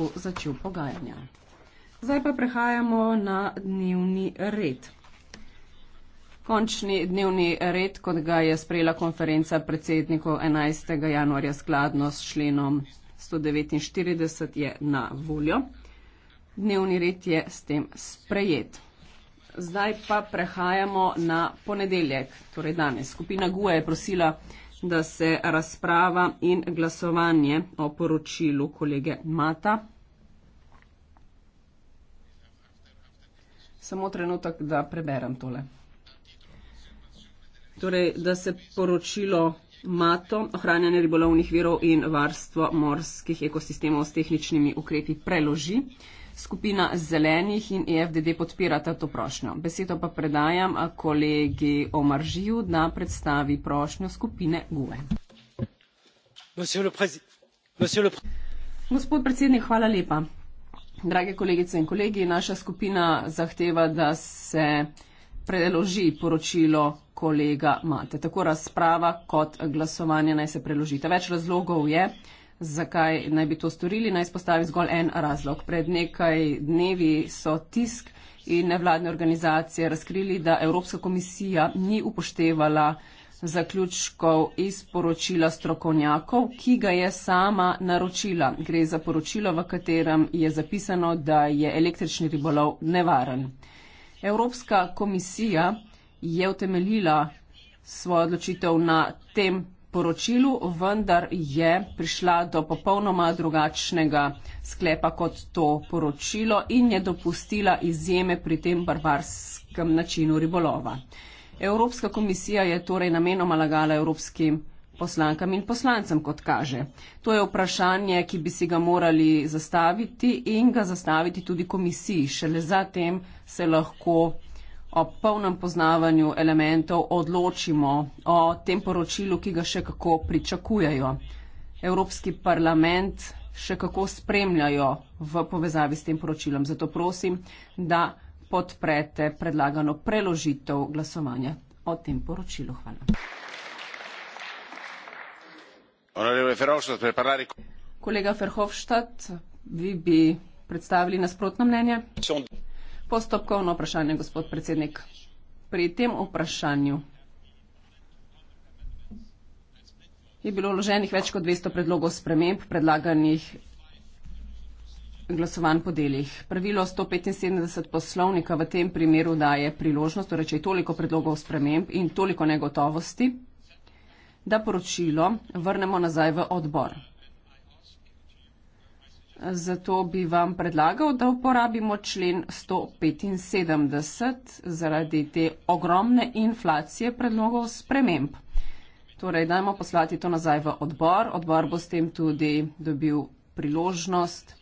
lahko začel pogajanja. Zdaj pa prehajamo na dnevni red. Končni dnevni red, kot ga je sprejela konferenca predsednikov 11. januarja skladno s členom 149, je na voljo. Dnevni red je s tem sprejet. Zdaj pa prehajamo na ponedeljek, torej danes. Skupina GUE je prosila da se razprava in glasovanje o poročilu kolege Mata. Samo trenutek, da preberem tole. Torej, da se poročilo Mato, ohranjanje ribolovnih virov in varstvo morskih ekosistemov s tehničnimi ukrepi preloži. Skupina zelenih in EFDD podpirata to prošnjo. Besedo pa predajam kolegi Omar Žiju, da predstavi prošnjo skupine GUE. Gospod predsednik, hvala lepa. Drage kolegice in kolegi, naša skupina zahteva, da se preloži poročilo kolega Mate. Tako razprava kot glasovanje naj se preložita. Več razlogov je. Zakaj naj bi to storili? Naj spostavim zgolj en razlog. Pred nekaj dnevi so tisk in nevladne organizacije razkrili, da Evropska komisija ni upoštevala zaključkov iz poročila strokovnjakov, ki ga je sama naročila. Gre za poročilo, v katerem je zapisano, da je električni ribolov nevaren. Evropska komisija je utemeljila svojo odločitev na tem poročilu, vendar je prišla do popolnoma drugačnega sklepa kot to poročilo in je dopustila izjeme pri tem barbarskem načinu ribolova. Evropska komisija je torej namenoma lagala evropskim poslankam in poslancem, kot kaže. To je vprašanje, ki bi si ga morali zastaviti in ga zastaviti tudi komisiji. Šele zatem se lahko o polnem poznavanju elementov odločimo, o tem poročilu, ki ga še kako pričakujejo. Evropski parlament še kako spremljajo v povezavi s tem poročilom. Zato prosim, da podprete predlagano preložitev glasovanja o tem poročilu. Hvala. Kolega Ferhofstadt, vi bi predstavili nasprotno mnenje? Postopkovno vprašanje, gospod predsednik. Pri tem vprašanju je bilo vloženih več kot 200 predlogov sprememb predlaganih glasovan po delih. Pravilo 175 poslovnika v tem primeru daje priložnost, torej če je toliko predlogov sprememb in toliko negotovosti, da poročilo vrnemo nazaj v odbor. Zato bi vam predlagal, da uporabimo člen 175 zaradi te ogromne inflacije predlogov sprememb. Torej, dajmo poslati to nazaj v odbor. Odbor bo s tem tudi dobil priložnost,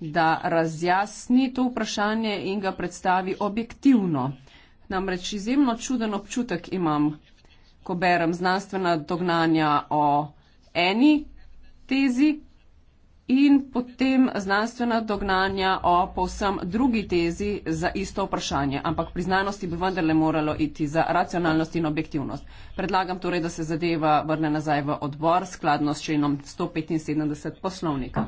da razjasni to vprašanje in ga predstavi objektivno. Namreč izjemno čuden občutek imam, ko berem znanstvena dognanja o eni tezi, in potem znanstvena dognanja o povsem drugi tezi za isto vprašanje. Ampak pri znanosti bi vendarle moralo iti za racionalnost in objektivnost. Predlagam torej, da se zadeva vrne nazaj v odbor skladno s členom 175 poslovnika.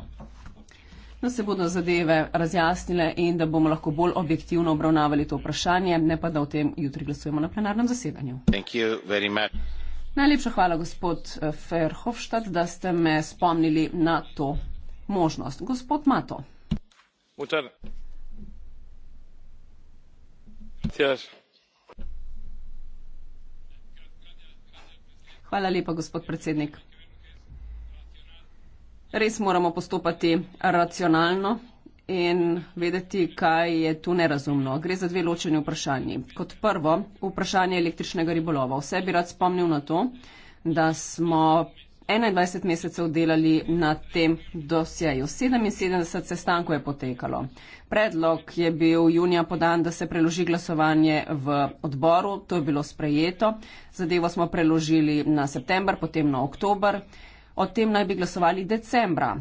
Da se bodo zadeve razjasnile in da bomo lahko bolj objektivno obravnavali to vprašanje, ne pa da o tem jutri glasujemo na plenarnem zasedanju. Najlepša hvala, gospod eh, Ferhofstadt, da ste me spomnili na to možnost. Gospod Mato. Hvala lepa, gospod predsednik. Res moramo postopati racionalno in vedeti, kaj je tu nerazumno. Gre za dve ločeni vprašanji. Kot prvo, vprašanje električnega ribolova. Vse bi rad spomnil na to, da smo 21 mesecev delali na tem dosjeju. 77 sestankov je potekalo. Predlog je bil junija podan, da se preloži glasovanje v odboru, to je bilo sprejeto. Zadevo smo preložili na september, potem na oktober. O tem naj bi glasovali decembra.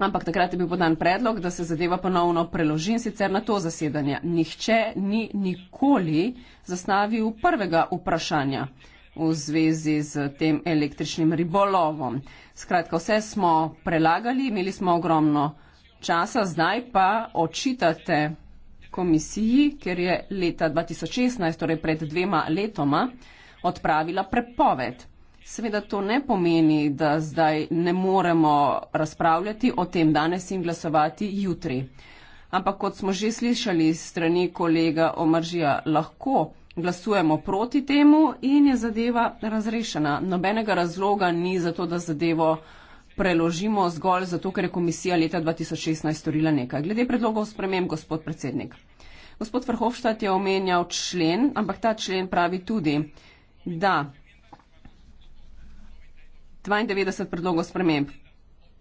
Ampak takrat je bil podan predlog, da se zadeva ponovno preloži in sicer na to zasedanje. Nihče ni nikoli zastavil prvega vprašanja v zvezi z tem električnim ribolovom. Skratka, vse smo prelagali, imeli smo ogromno časa, zdaj pa očitate komisiji, ker je leta 2016, torej pred dvema letoma, odpravila prepoved. Seveda to ne pomeni, da zdaj ne moremo razpravljati o tem danes in glasovati jutri. Ampak kot smo že slišali strani kolega Omaržija, lahko glasujemo proti temu in je zadeva razrešena. Nobenega razloga ni za to, da zadevo preložimo zgolj zato, ker je komisija leta 2016 storila nekaj. Glede predlogov sprememb, gospod predsednik. Gospod Vrhovštad je omenjal člen, ampak ta člen pravi tudi, da 92 predlogov sprememb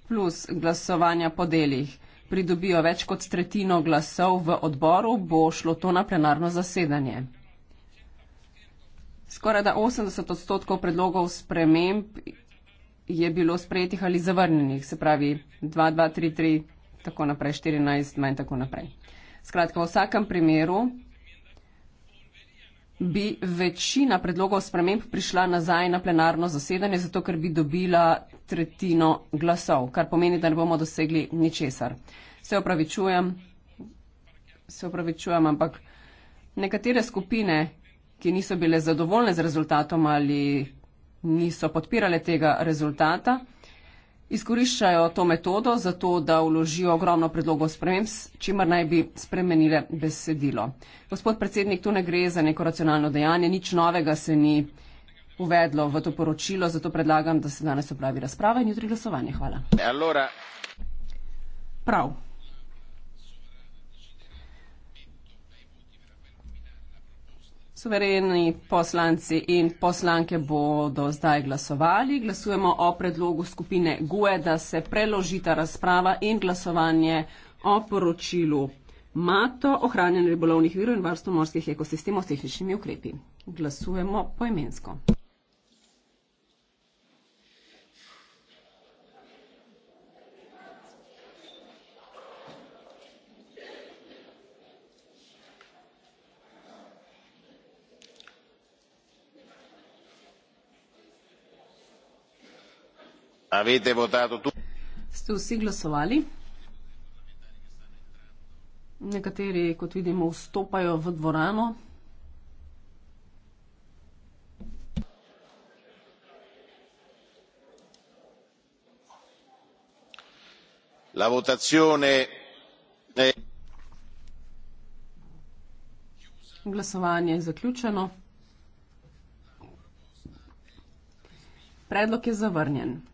plus glasovanja po delih pridobijo več kot tretjino glasov v odboru, bo šlo to na plenarno zasedanje. Skoraj da 80 odstotkov predlogov sprememb je bilo sprejetih ali zavrnjenih, se pravi 2, 2, 3, 3, tako naprej, 14, manj tako naprej. Skratka, v vsakem primeru bi večina predlogov sprememb prišla nazaj na plenarno zasedanje, zato ker bi dobila tretjino glasov, kar pomeni, da ne bomo dosegli ničesar. Se opravičujem, se opravičujem, ampak nekatere skupine, ki niso bile zadovoljne z rezultatom ali niso podpirale tega rezultata, izkoriščajo to metodo za to, da uložijo ogromno predlogov sprememb, čimer naj bi spremenile besedilo. Gospod predsednik, tu ne gre za neko racionalno dejanje, nič novega se ni uvedlo v to poročilo, zato predlagam, da se danes opravi razprava in jutri glasovanje. Hvala. E Prav. Suvereni poslanci in poslanke bodo zdaj glasovali. Glasujemo o predlogu skupine GUE, da se preložita razprava in glasovanje o poročilu MATO, ohranjanje ribolovnih virov in varstvo morskih ekosistemov s tehničnimi ukrepi. Glasujemo poimensko. Avete votato tu- Ste vsi glasovali? Nekateri, kot vidimo, vstopajo v dvorano. La votazione è... Glasovanje je zaključeno. Predlog je zavrnjen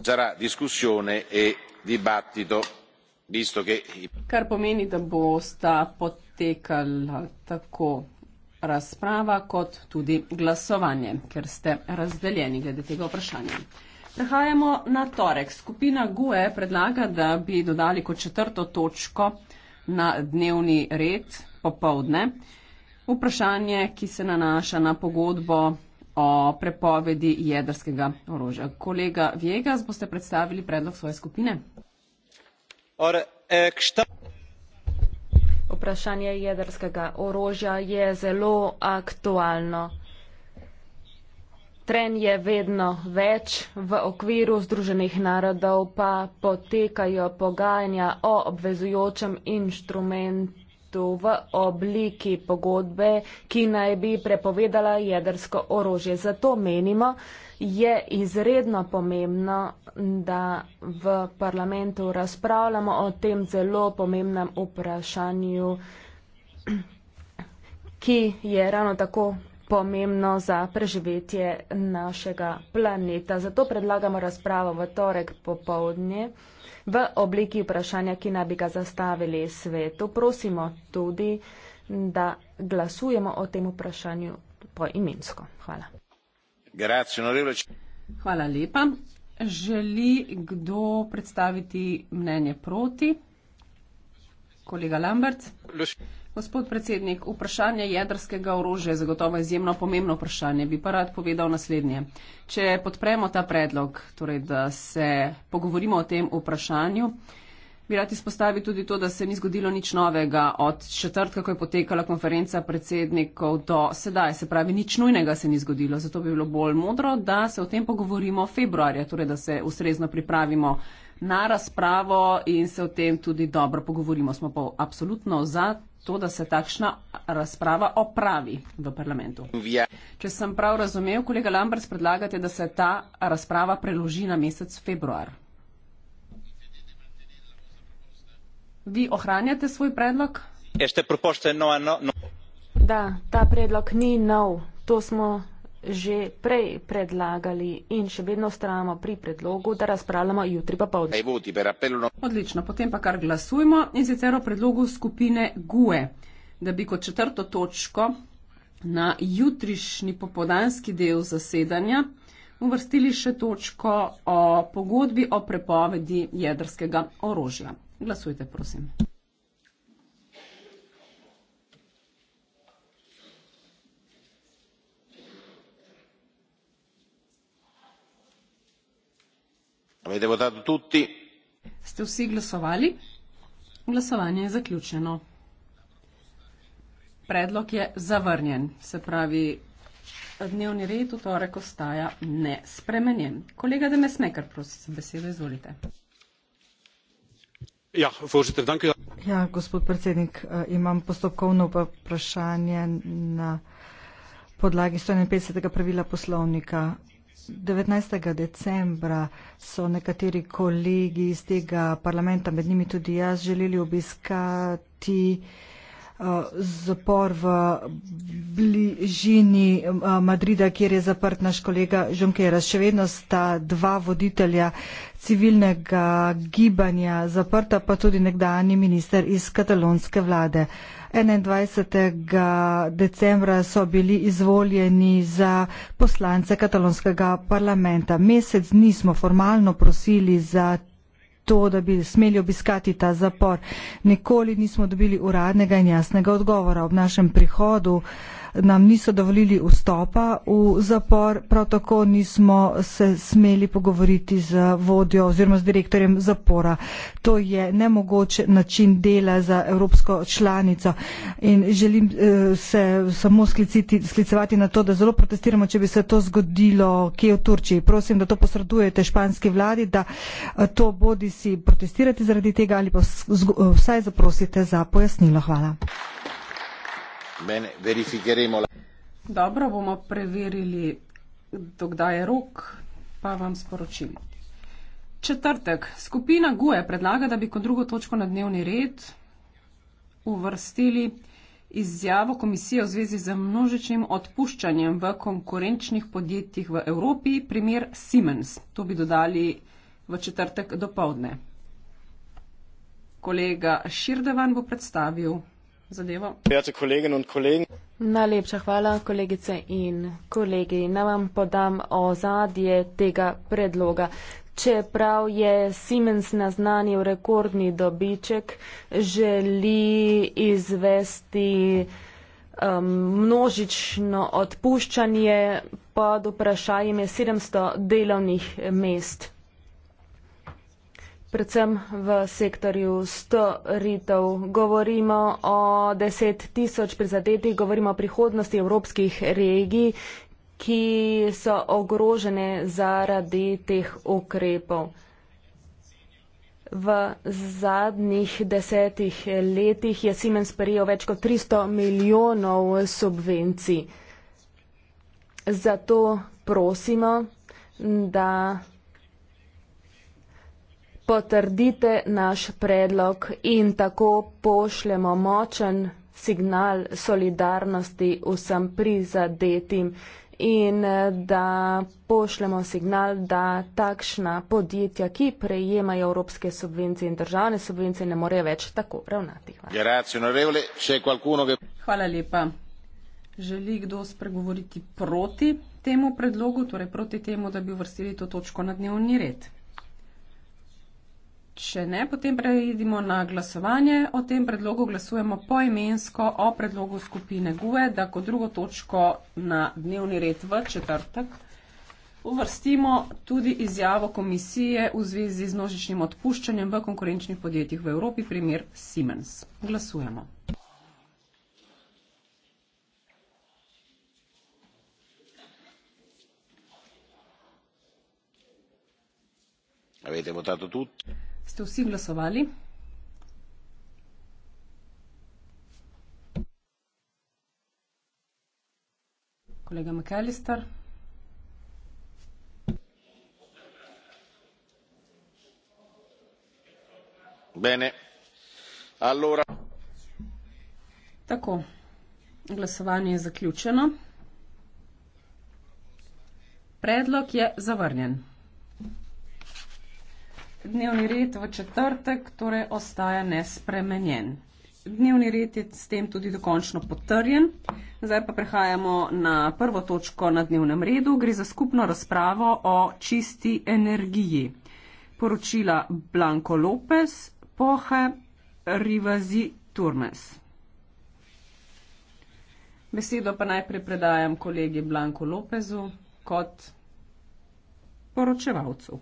sarà discussione e dibattito visto che. kar pomeni da bosta potekala tako razprava kot tudi glasovanje ker ste razdeljeni glede tega vprašanja. Prehajamo na torek. Skupina GUE predlaga, da bi dodali kot četrto točko na dnevni red popovdne vprašanje, ki se nanaša na pogodbo o prepovedi jedrskega orožja. Kolega Vjegas, boste predstavili predlog svoje skupine? E, Vprašanje jedrskega orožja je zelo aktualno. Tren je vedno več, v okviru Združenih narodov pa potekajo pogajanja o obvezujočem inštrumentu aktu v obliki pogodbe, ki naj bi prepovedala jedrsko orožje. Zato menimo, je izredno pomembno, da v parlamentu razpravljamo o tem zelo pomembnem vprašanju, ki je ravno tako pomembno za preživetje našega planeta. Zato predlagamo razpravo v torek popovdne v obliki vprašanja, ki naj bi ga zastavili svetu. Prosimo tudi, da glasujemo o tem vprašanju poimensko. Hvala. Hvala lepa. Želi kdo predstaviti mnenje proti? Kolega Lambert? Lusi. Gospod predsednik, vprašanje jedrskega orožja je zagotovo izjemno pomembno vprašanje. Bi pa rad povedal naslednje. Če podpremo ta predlog, torej da se pogovorimo o tem vprašanju, bi rad izpostavil tudi to, da se ni zgodilo nič novega od četrtka, ko je potekala konferenca predsednikov do sedaj. Se pravi, nič nujnega se ni zgodilo. Zato bi bilo bolj modro, da se o tem pogovorimo februarja, torej da se ustrezno pripravimo na razpravo in se o tem tudi dobro pogovorimo. Smo pa absolutno za to, da se takšna razprava opravi v parlamentu. Če sem prav razumel, kolega Lambers predlagate, da se ta razprava preloži na mesec februar. Vi ohranjate svoj predlog? No, no, no. Da, ta predlog ni nov. To smo že prej predlagali in še vedno stramo pri predlogu, da razpravljamo jutri pa povdne. No- Odlično, potem pa kar glasujmo in sicer o predlogu skupine GUE, da bi kot četrto točko na jutrišnji popodanski del zasedanja uvrstili še točko o pogodbi o prepovedi jedrskega orožja. Glasujte, prosim. avete votato tutti? Ste vsi glasovali? Glasovanje je zaključeno. Predlog je zavrnjen, se pravi, dnevni red v torek ostaja nespremenjen. Kolega Demesmeker, prosim, za besedo izvolite. Ja, voorzitter, dank u. Ja, gospod predsednik, eh, imam postopkovno vprašanje na podlagi 151. pravila poslovnika. 19. decembra so nekateri kolegi iz tega parlamenta, med njimi tudi jaz, želeli obiskati eh, zapor v bližini eh, Madrida, kjer je zaprt naš kolega Žonkera. Še vedno sta dva voditelja civilnega gibanja zaprta, pa tudi nekdani minister iz katalonske vlade. 21. decembra so bili izvoljeni za poslance katalonskega parlamenta. Mesec dni smo formalno prosili za to, da bi smeli obiskati ta zapor. Nikoli nismo dobili uradnega in jasnega odgovora. Ob našem prihodu nam niso dovolili vstopa v zapor, prav tako nismo se smeli pogovoriti z vodjo oziroma z direktorjem zapora. To je nemogoč način dela za evropsko članico in želim eh, se samo skliciti, sklicevati na to, da zelo protestiramo, če bi se to zgodilo kje v Turčiji. Prosim, da to posredujete španski vladi, da eh, to bodi si protestirate zaradi tega ali pa vsaj zaprosite za pojasnilo. Hvala. Dobro bomo preverili, dokdaj je rok, pa vam sporočimo. Četrtek. Skupina GUE predlaga, da bi kot drugo točko na dnevni red uvrstili izjavo komisije v zvezi z množičnim odpuščanjem v konkurenčnih podjetjih v Evropi, primer Siemens. To bi dodali v četrtek do povdne. Kolega Širdevan bo predstavil zadevo. Najlepša hvala, kolegice in kolegi. Na vam podam ozadje tega predloga. Čeprav je Siemens naznanil rekordni dobiček, želi izvesti um, množično odpuščanje pod vprašajem 700 delovnih mest predvsem v sektorju storitev. Govorimo o 10 tisoč prizadetih, govorimo o prihodnosti evropskih regij, ki so ogrožene zaradi teh ukrepov. V zadnjih desetih letih je Siemens prejel več kot 300 milijonov subvencij. Zato prosimo, da potrdite naš predlog in tako pošljemo močen signal solidarnosti vsem prizadetim in eh, da pošljemo signal, da takšna podjetja, ki prejemajo evropske subvencije in državne subvencije, ne morejo več tako ravnati. Hvala. Hvala lepa. Želi kdo spregovoriti proti temu predlogu, torej proti temu, da bi vrstili to točko na dnevni red? Če ne, potem preidimo na glasovanje. O tem predlogu glasujemo poimensko o predlogu skupine GUE, da kot drugo točko na dnevni red v četrtek uvrstimo tudi izjavo komisije v zvezi z množičnim odpuščanjem v konkurenčnih podjetjih v Evropi, primer Siemens. Glasujemo. Avete votato tutti? Ste vsi glasovali? Kolega McAllister? Bene. Allora. Tako. Glasovanje je zaključeno. Predlog je zavrnjen dnevni red v četrtek torej ostaja nespremenjen. Dnevni red je s tem tudi dokončno potrjen. Zdaj pa prehajamo na prvo točko na dnevnem redu. Gre za skupno razpravo o čisti energiji. Poročila Blanko Lopez, Pohe, Rivazi, Turmes. Besedo pa najprej predajam kolegi Blanko Lopezu kot poročevalcu.